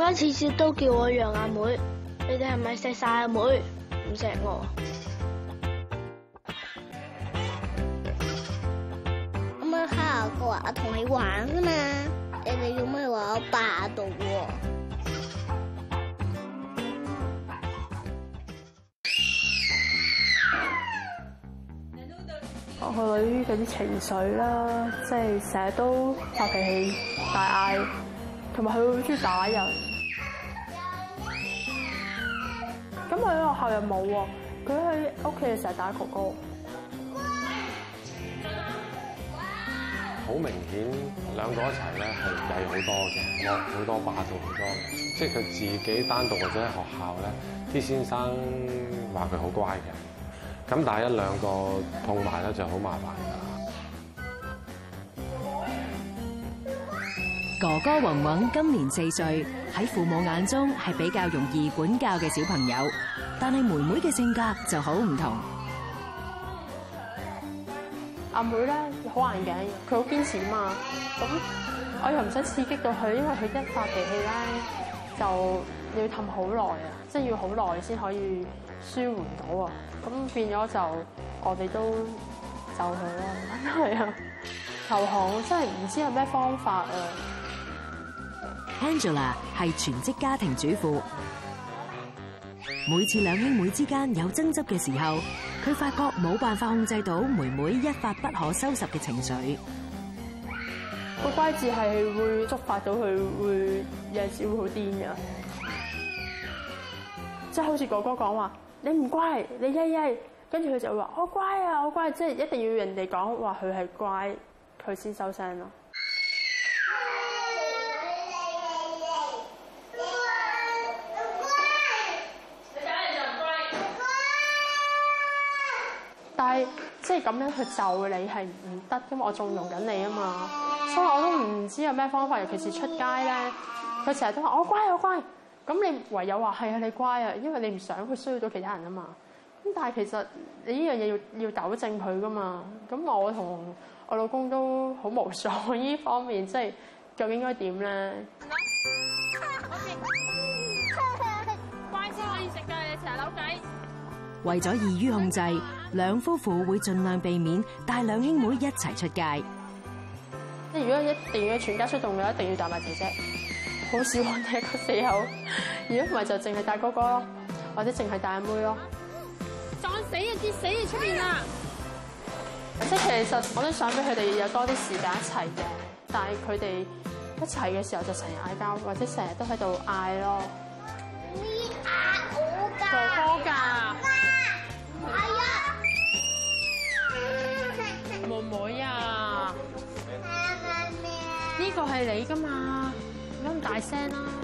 我啱次次都叫我讓阿妹，你哋係咪錫曬阿妹唔錫我？咁咪下個阿童嚟玩㗎嘛，你哋要咩話我霸道喎？我個女嗰啲情緒啦，即係成日都發脾氣大嗌，同埋佢好中意打人。後又冇喎，佢喺屋企嘅時候打哥哥。好明顯，兩個一齊咧係曳好多嘅，惡好多，霸道好多。即係佢自己單獨或者喺學校咧，啲先生話佢好乖嘅。咁但係一兩個碰埋咧就好麻煩。哥哥弘弘今年四歲，喺父母眼中係比較容易管教嘅小朋友，但係妹妹嘅性格就好唔同。阿妹咧好硬頸，佢好堅持啊嘛。咁我又唔想刺激到佢，因為佢一發脾氣咧就要氹好耐啊，即係要好耐先可以舒緩到啊。咁變咗就我哋都就佢啦。係啊，投降真係唔知道有咩方法啊！Angela 係全職家庭主婦，每次兩兄妹之間有爭執嘅時候，佢發覺冇辦法控制到妹妹一發不可收拾嘅情緒。個乖字係會觸發到佢，會有陣時會好癲㗎，即係好似哥哥講話，你唔乖，你曳曳。跟住佢就會話我乖啊，我乖，即係一定要人哋講話佢係乖，佢先收聲咯。咁樣去就你係唔得，因為我縱容緊你啊嘛，所以我都唔知有咩方法，尤其是出街咧，佢成日都話我乖，我乖，咁你唯有話係啊，你乖啊，因為你唔想佢需要到其他人啊嘛。咁但係其實你呢樣嘢要要糾正佢噶嘛。咁我同我老公都好無助依方面，即係究竟應該點咧 好的？ 乖先可以食㗎，你成日扭計，為咗易於控制。 兩夫婦會盡量避免帶兩兄妹一齊出街。即如果一定要全家出動，嘅，一定要帶埋姐姐，好少我哋一個四口。如果唔係就淨係帶哥哥咯，或者淨係帶阿妹咯。撞死啊！跌死啊！出邊啊！即其實我都想俾佢哋有多啲時間一齊嘅，但係佢哋一齊嘅時候就成日嗌交，或者成日都喺度嗌咯。咪嗌好噶？哥哥噶？媽媽係你噶嘛？唔好咁大聲啦、啊。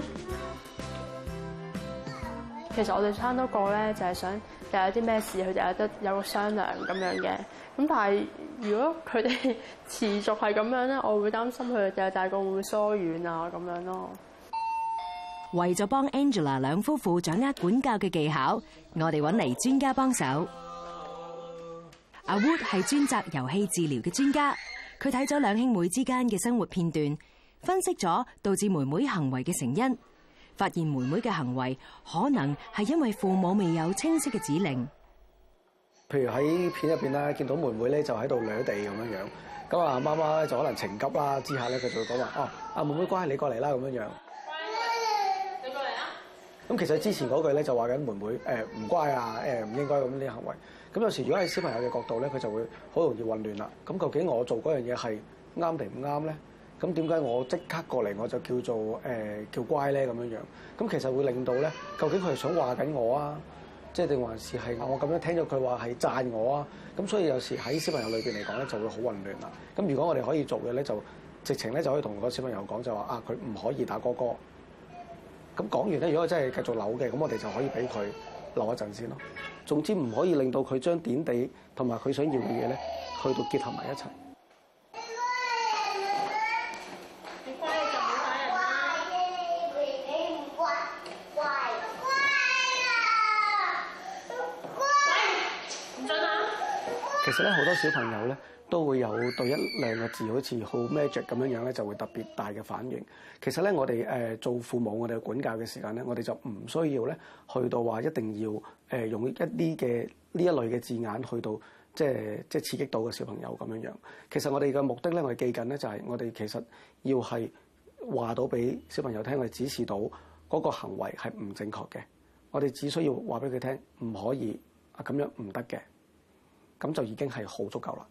其實我哋差不多個咧，就係想，就有啲咩事，佢就有得有個商量咁樣嘅。咁但係如果佢哋持續係咁樣咧，我會擔心佢哋就係大個會疏遠啊咁樣咯。為咗幫 Angela 兩夫婦掌握管教嘅技巧，我哋搵嚟專家幫手。阿 Wood 係專責遊戲治療嘅專家，佢睇咗兩兄妹之間嘅生活片段。分析咗導致妹妹行為嘅成因，發現妹妹嘅行為可能係因為父母未有清晰嘅指令。譬如喺片入邊咧，見到妹妹咧就喺度掠地咁樣樣，咁啊媽媽咧就可能情急啦之下咧，佢就會講話哦阿妹妹，乖，你過嚟啦咁樣樣。你過嚟啊！咁其實之前嗰句咧就話緊妹妹誒唔乖啊誒唔應該咁啲行為。咁有時如果喺小朋友嘅角度咧，佢就會好容易混亂啦。咁究竟我做嗰樣嘢係啱定唔啱咧？咁點解我即刻過嚟我就叫做誒、呃、叫乖咧咁樣樣？咁其實會令到咧，究竟佢係想話緊我啊，即係定還是係我咁樣聽咗佢話係讚我啊？咁所以有時喺小朋友裏邊嚟講咧，就會好混亂啦。咁如果我哋可以做嘅咧，就直情咧就可以同個小朋友講就話啊，佢唔可以打哥哥。咁講完咧，如果真係繼續扭嘅，咁我哋就可以俾佢留一陣先咯。總之唔可以令到佢將點地同埋佢想要嘅嘢咧，去到結合埋一齊。其實咧，好多小朋友咧，都會有對一兩個字好似好 major 咁樣樣咧，就會特別大嘅反應。其實咧我哋、呃、做父母我哋管教嘅時間咧，我哋就唔需要咧去到話一定要、呃、用一啲嘅呢一類嘅字眼去到即係即係刺激到個小朋友咁樣樣。其實我哋嘅目的咧，我哋記緊咧就係、是、我哋其實要係話到俾小朋友聽，我哋指示到嗰個行為係唔正確嘅。我哋只需要話俾佢聽，唔可以啊，咁樣唔得嘅。咁就已經係好足夠啦。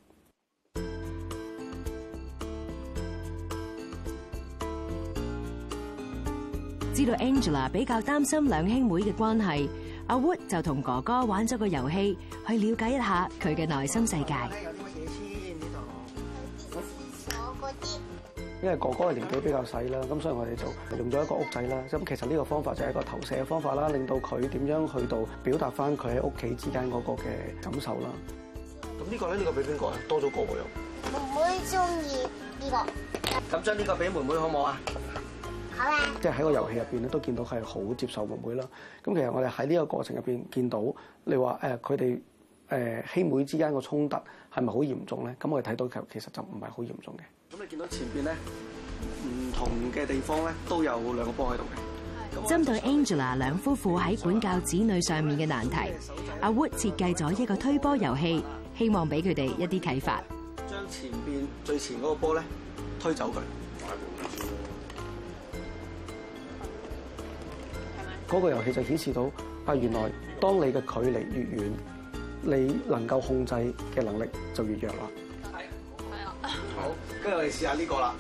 知道 Angela 比較擔心兩兄妹嘅關係，阿 Wood 就同哥哥玩咗個遊戲，去了解一下佢嘅內心世界。因為哥哥嘅年紀比較細啦，咁所以我哋就用咗一個屋仔啦。咁其實呢個方法就係一個投射嘅方法啦，令到佢點樣去到表達翻佢喺屋企之間嗰個嘅感受啦。呢、這個咧，呢、這個俾邊個多咗個喎？用妹妹中意呢個咁將呢個俾妹妹好，好唔好啊？好啊！即係喺個遊戲入邊咧，都見到係好接受妹妹啦。咁其實我哋喺呢個過程入邊見到你，你話誒佢哋誒兄妹之間個衝突係咪好嚴重咧？咁我哋睇到其其實就唔係好嚴重嘅。咁你見到前邊咧唔同嘅地方咧都有兩個波喺、嗯、度嘅。針對 Angela 兩夫婦喺管教子女上面嘅難題，阿 Wood 設計咗一個推波遊戲。嗯嗯希望俾佢哋一啲啟發，將前面最前嗰個波咧推走佢。嗰個遊戲就顯示到啊，原來當你嘅距離越遠，你能夠控制嘅能力就越弱啦。係，係啊。好，跟住我哋試下呢個啦。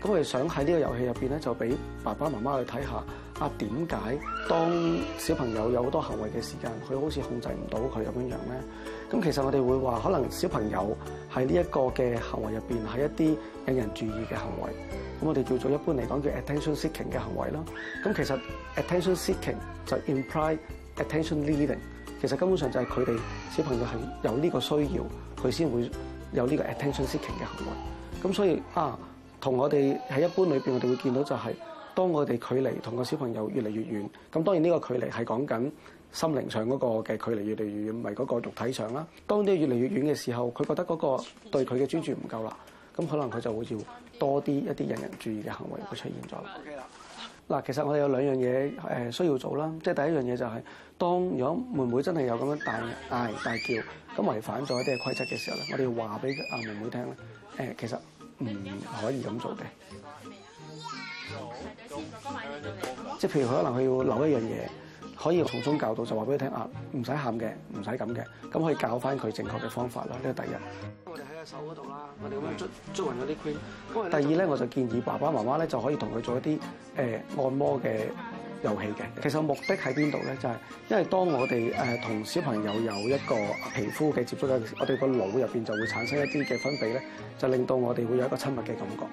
咁我哋想喺呢個遊戲入面咧，就俾爸爸媽媽去睇下啊，點解當小朋友有好多行為嘅時間，佢好似控制唔到佢咁樣樣咧？咁其實我哋會話可能小朋友喺呢一個嘅行為入邊，係一啲引人注意嘅行為。咁我哋叫做一般嚟講叫 attention-seeking 嘅行為啦。咁其實 attention-seeking 就 imply attention leading，其實根本上就係佢哋小朋友係有呢個需要，佢先會有呢個 attention-seeking 嘅行為。咁所以啊，同我哋喺一般裏邊，我哋會見到就係、是、當我哋距離同個小朋友越嚟越遠，咁當然呢個距離係講緊。心靈上嗰個嘅距離越嚟越遠，咪嗰個肉體上啦。當啲越嚟越遠嘅時候，佢覺得嗰個對佢嘅專注唔夠啦，咁可能佢就會要多啲一啲引人注意嘅行為會出現咗。嗱，其實我哋有兩樣嘢誒需要做啦，即係第一樣嘢就係，當如果妹妹真係有咁樣大嗌大叫，咁違反咗一啲規則嘅時候咧，我哋要話俾阿妹妹聽咧，誒其實唔可以咁做嘅。即係譬如佢可能佢要留一樣嘢。可以從中教導，就話俾佢聽啊，唔使喊嘅，唔使咁嘅，咁可以教翻佢正確嘅方法啦。呢個第一。我哋喺隻手嗰度啦，我哋咁樣捽捽勻嗰啲 cream。第二咧，我就建議爸爸媽媽咧就可以同佢做一啲誒、呃、按摩嘅遊戲嘅。其實目的喺邊度咧？就係、是、因為當我哋誒同小朋友有一個皮膚嘅接觸嘅時，我哋個腦入邊就會產生一啲嘅分泌咧，就令到我哋會有一個親密嘅感覺。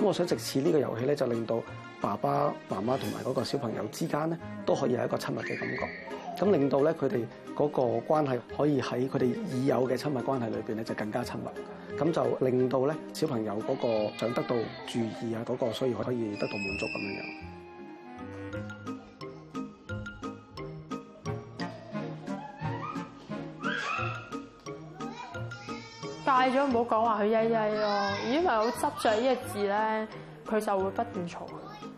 咁我想藉此呢個遊戲咧，就令到。爸爸，爸媽媽同埋嗰個小朋友之間咧，都可以有一個親密嘅感覺，咁令到咧佢哋嗰個關係可以喺佢哋已有嘅親密關係裏邊咧就更加親密，咁就令到咧小朋友嗰個想得到注意啊嗰、嗰個，所以可以得到滿足咁樣樣。戒咗唔好講話佢曳曳咯，如果好執著呢個字咧，佢就會不斷嘈。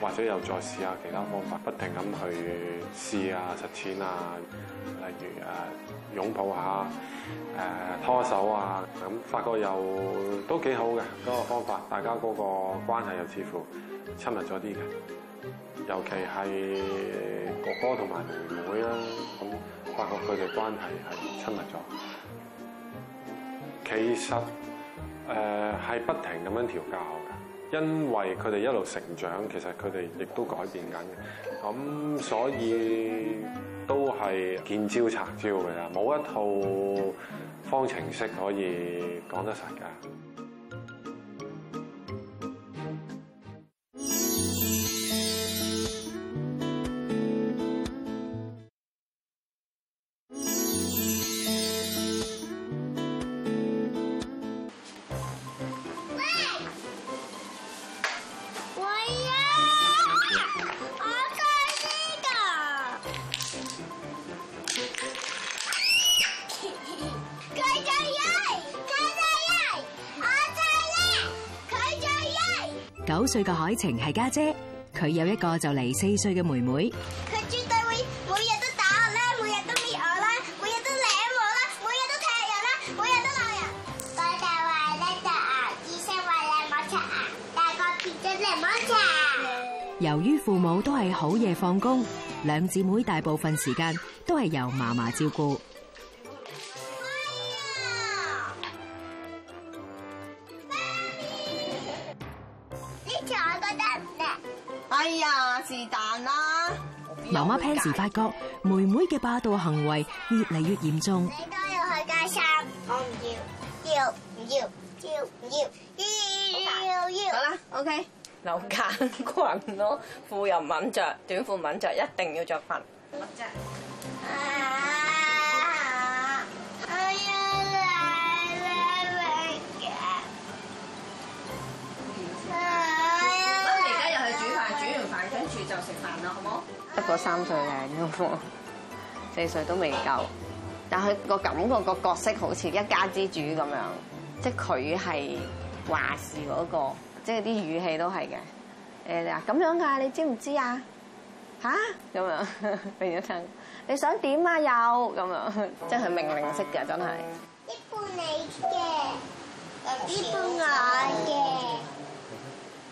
或者又再試下其他方法，不停咁去試啊、實踐啊，例如誒擁、呃、抱下、誒、呃、拖手啊，咁發覺又都幾好嘅、嗰個方法，大家嗰個關係又似乎親密咗啲嘅。尤其係哥哥同埋妹妹啦，咁發覺佢哋關係係親密咗。其實誒係、呃、不停咁樣調教。因為佢哋一路成長，其實佢哋亦都改變緊，咁所以都係見招拆招嘅啦，冇一套方程式可以講得實㗎。九歲嘅凱程係家姐，姐，佢有一個就嚟四歲嘅妹妹。佢絕對會每日都打我啦，每日都搣我啦，每日都舐我啦，每日都踢人啦，每日都鬧人。我大話咧，就啊，醫生話你冇刷牙，大個變咗檸檬茶。由於父母都係好夜放工，兩姊妹大部分時間都係由嫲嫲照顧。媽媽平時發覺妹妹嘅霸道行為越嚟越嚴重。你都要去街衫，我唔要，要，要，要，要，要，要。好啦，OK，留間裙咯，褲又唔肯着，短褲唔肯着，一定要着裙。個三歲靚咯，四歲都未夠，但係佢個感覺個角色好似一家之主咁樣，即係佢係話事嗰個，即係啲語氣都係嘅。誒，嗱咁樣噶，你知唔知啊？吓咁樣你咗聽，你想點啊？有咁樣，即係佢命令式嘅，真係。一半你嘅，一半我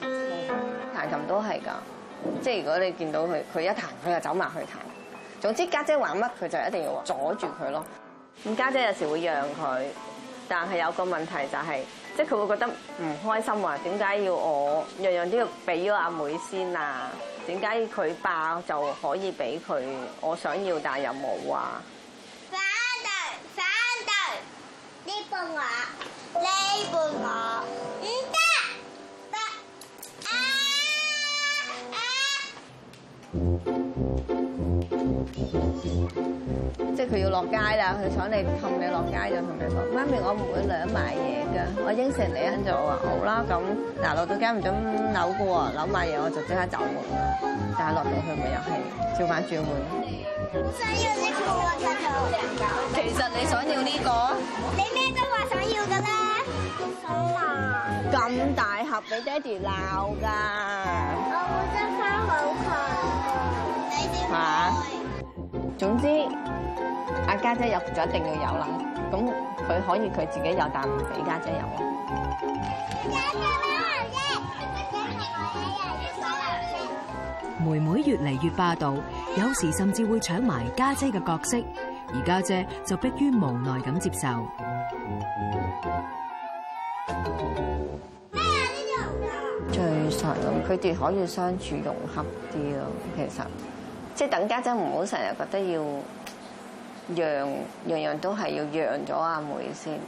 嘅。彈琴都係噶。即係如果你見到佢，佢一彈佢就走埋去彈。總之家姐話乜佢就一定要阻住佢咯。咁家姐有時會讓佢，但係有個問題就係，即係佢會覺得唔開心，話點解要我樣樣都要俾咗阿妹先啊？點解佢爆就可以俾佢我想要但又冇啊？反對反對，呢半我，呢個我。即係佢要落街啦，佢想你氹你落街就同你講，媽咪，我唔會兩買嘢噶，我，我應承你，跟住我話好啦，咁嗱落到街唔准扭噶喎，扭買嘢我就即刻走門啦，但係落到去咪又係照翻轉門。我想要呢個嘅，其實你想要呢、呢個？你咩都話想要噶啦。咁 大盒俾爹哋鬧噶，我會執翻好佢。啊，你點吓？總之，阿家姐有就一定要有啦。咁佢可以佢自己有，但唔俾家姐有姐。妹妹，妹妹越嚟越霸道，有時甚至會搶埋家姐嘅角色，而家姐，姐就迫於無奈咁接受。咩啊？呢度最熟，佢哋可以相處融洽啲咯。其實，即係等家長唔好成日覺得要讓，樣樣都係要讓咗阿妹先，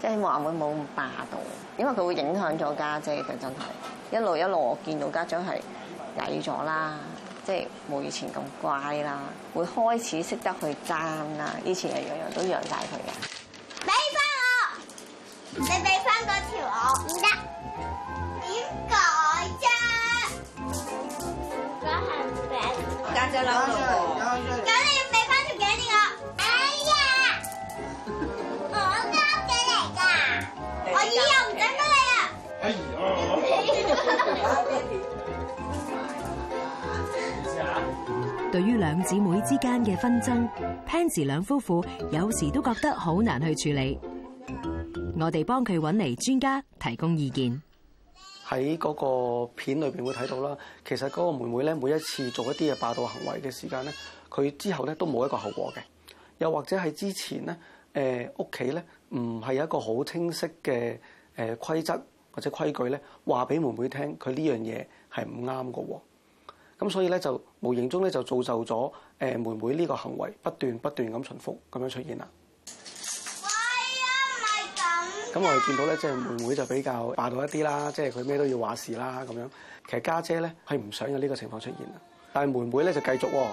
即係希望阿妹冇咁霸道，因為佢會影響咗家姐嘅真係。一路一路我見到家長係曳咗啦，即係冇以前咁乖啦，會開始識得去爭啦。以前係樣樣都讓晒佢嘅。你俾翻嗰條我唔得，點解啫？是不我該，唔俾。格仔攞出嚟，咁你要俾翻條頸鏈我。哎呀，我交嘅嚟噶，我以後唔准得 你啊。呀！對於兩姊妹之間嘅紛爭 Pansy 兩夫婦有時都覺得好難去處理。我哋幫佢揾嚟專家提供意見。喺嗰個片裏邊會睇到啦，其實嗰個妹妹咧，每一次做一啲嘅霸道行為嘅時間咧，佢之後咧都冇一個後果嘅。又或者係之前咧，誒屋企咧唔係有一個好清晰嘅誒規則或者規矩咧，話俾妹妹聽，佢呢樣嘢係唔啱㗎。咁所以咧就無形中咧就造就咗誒妹妹呢個行為不斷不斷咁重複咁樣出現啦。咁我哋見到咧，即係妹妹就比較霸道一啲啦，即係佢咩都要話事啦咁樣。其實家姐咧係唔想有呢個情況出現啊，但係妹妹咧就繼續喎。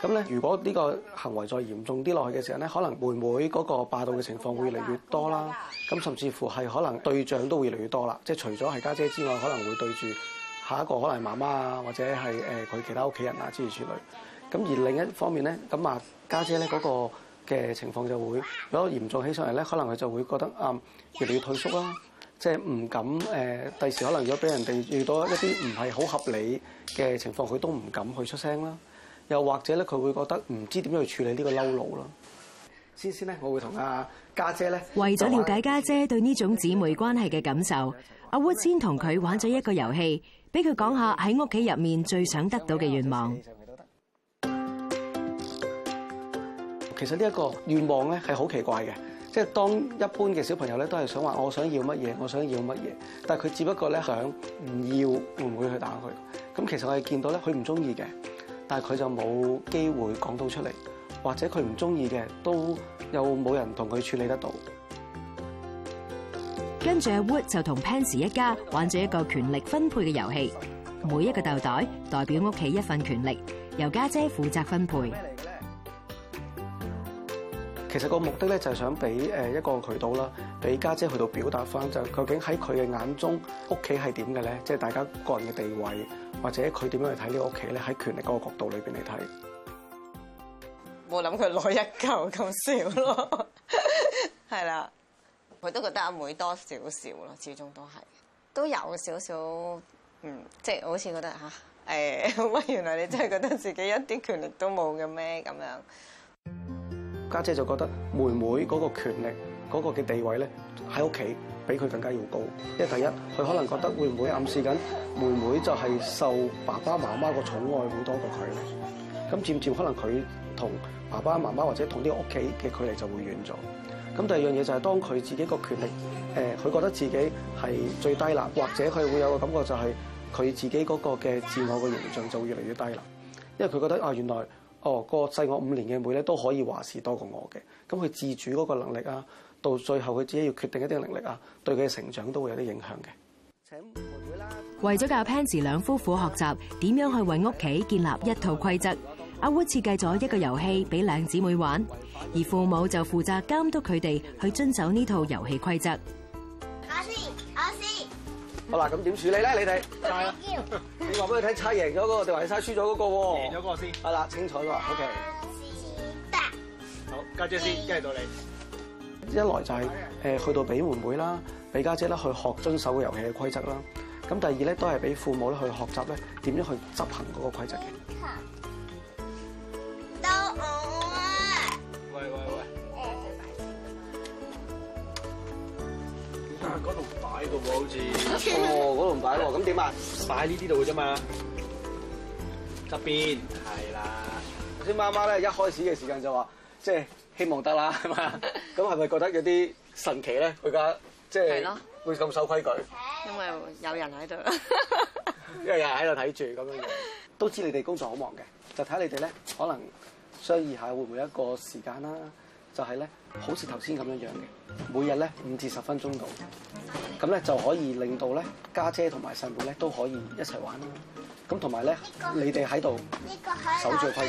咁咧，如果呢個行為再嚴重啲落去嘅時候咧，可能妹妹嗰個霸道嘅情況會越嚟越多啦。咁甚至乎係可能對象都會越嚟越多啦。即係除咗係家姐之外，可能會對住下一個可能係媽媽啊，或者係佢其他屋企人啊之類之類。咁而另一方面咧，咁啊家姐咧嗰個嘅情況就會如果嚴重起上嚟咧，可能佢就會覺得啊、嗯，越嚟越退縮啦，即係唔敢誒。第時可能如果俾人哋遇到一啲唔係好合理嘅情況，佢都唔敢去出聲啦。又或者咧，佢會覺得唔知點樣去處理呢個嬲怒啦。先先咧，我會同阿家姐咧。為咗了，了解家姐對呢種姊妹關係嘅感，感受，阿 Wood 先同佢玩咗一個遊戲，俾佢講下喺屋企入面最想得到嘅願望。其實呢一個願望咧係好奇怪嘅，即係當一般嘅小朋友咧都係想話我想要乜嘢，我想要乜嘢，但係佢只不過咧想唔要，會唔會去打佢？咁其實我哋見到咧，佢唔中意嘅，但係佢就冇機會講到出嚟，或者佢唔中意嘅都有冇人同佢處理得到。跟住阿 Wood 就同 Pansy 一家玩咗一個權力分配嘅遊戲，每一個豆袋代表屋企一份權力，由家姐負責分配。其實個目的咧就係想俾誒一個渠道啦，俾家姐，姐去到表達翻，就是、究竟喺佢嘅眼中屋企係點嘅咧？即係、就是、大家個人嘅地位，或者佢點樣去睇呢個屋企咧？喺權力嗰個角度裏邊嚟睇，冇諗佢攞一嚿咁少咯，係 啦， 我都覺得阿妹多少少咯，始終都係都有少少，嗯，即、就、係、是、好似覺得嚇喂、哎，原來你真係覺得自己一啲權力都冇嘅咩咁樣。家姐就覺得妹妹嗰個權力、嗰個嘅地位咧，喺屋企比佢更加要高。因為第一，佢可能覺得會唔會暗示緊妹妹就係受爸爸媽媽個寵愛會多過佢咧？咁漸漸可能佢同爸爸媽媽或者同啲屋企嘅距離就會遠咗。咁第二樣嘢就係當佢自己個權力，誒，佢覺得自己係最低啦，或者佢會有個感覺就係佢自己嗰個嘅自我嘅形象就越嚟越低啦。因為佢覺得啊，原來。哦，個細我五年嘅妹咧都可以話事多過我嘅，咁佢自主嗰個能力啊，到最後佢自己要決定一啲能力啊，對佢嘅成長都會有啲影響嘅。啦，為咗教 Pansy 兩夫婦學習點樣去為屋企建立一套規則，嗯、阿 Wood 設計咗一個遊戲俾兩姊妹玩，而父母就負責監督佢哋去遵守呢套遊戲規則。我先，我先。好啦，咁點處理咧？你哋。謝謝你話俾佢睇，差贏咗嗰個，定還是差輸咗嗰個喎？贏咗嗰個先。係啦，清楚啦。O K。好，家姐先，跟住到你。一來就係誒去到俾妹妹啦，俾家姐啦，去學遵守個遊戲嘅規則啦。咁第二咧，都係俾父母咧去學習咧點樣去執行嗰個規則嘅。嗰度擺個喎，好似哦，嗰度唔擺喎。咁點啊？擺呢啲度嘅啫嘛，側邊係啦。頭先媽媽呢，一開始嘅時間就話即係希望得啦，係嘛？咁係咪覺得有啲神奇咧？會覺得，即係會咁守規矩，因為有人喺度，因為有人喺度睇住咁樣樣，都知你哋工作好忙嘅，就睇你哋呢，可能商議下會唔會一個時間啦。就係呢，好似頭先咁樣樣嘅，每日呢，五至十分鐘度。咁咧就可以令到咧家姐同埋細妹咧都可以一齊玩啦。咁同埋咧，你哋喺度守住規定。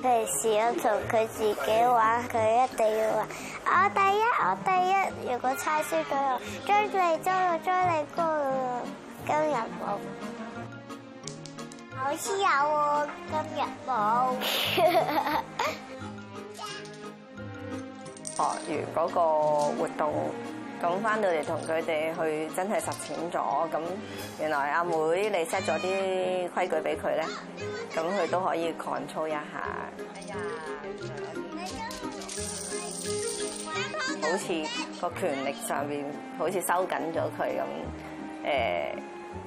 平時我同佢自己玩，佢一定要話：我第一，我第一。如果猜輸咗，追住你，追我，追你哥。今日冇，好似有喎。今日冇。學完嗰個活動，咁翻到嚟同佢哋去真係實踐咗，咁原來阿妹你 set 咗啲規矩俾佢咧，咁佢都可以 control 一下，好似個權力上邊好似收緊咗佢咁，誒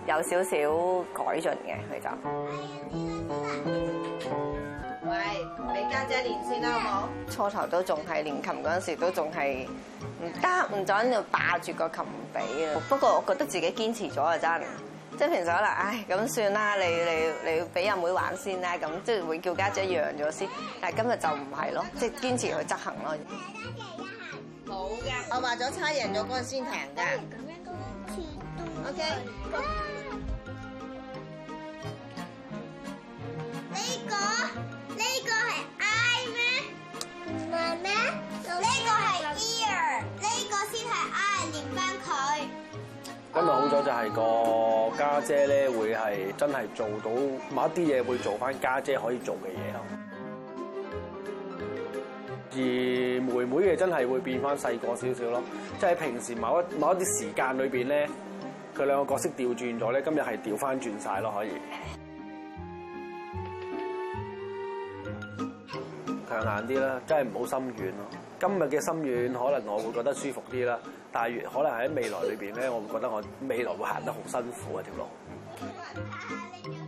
有少少改進嘅佢就。喂，俾家姐練先啦，好冇？初頭都仲係練琴嗰陣時，都仲係唔得，唔准喺度霸住個琴唔俾啊！不過我覺得自己堅持咗啊，真即係平時可能，唉，咁算啦，你你你俾阿妹玩先啦，咁即係會叫家姐讓咗先。但係今日就唔係咯，即係堅持去執行咯。家姐一下冇嘅，我話咗差贏咗嗰個先停噶。咁樣都 O K。今日好咗就係個家姐咧，會係真係做到某一啲嘢，會做翻家姐可以做嘅嘢咯。而妹妹嘅真係會變翻細個少少咯，即係平時某一某一啲時間裏邊咧，佢兩個角色調轉咗咧，今日係調翻轉曬咯，可以。強硬啲啦，真係唔好心軟咯。今日嘅心軟，可能我會覺得舒服啲啦。但係可能喺未來裏邊咧，我會覺得我未來會行得好辛苦嘅條路。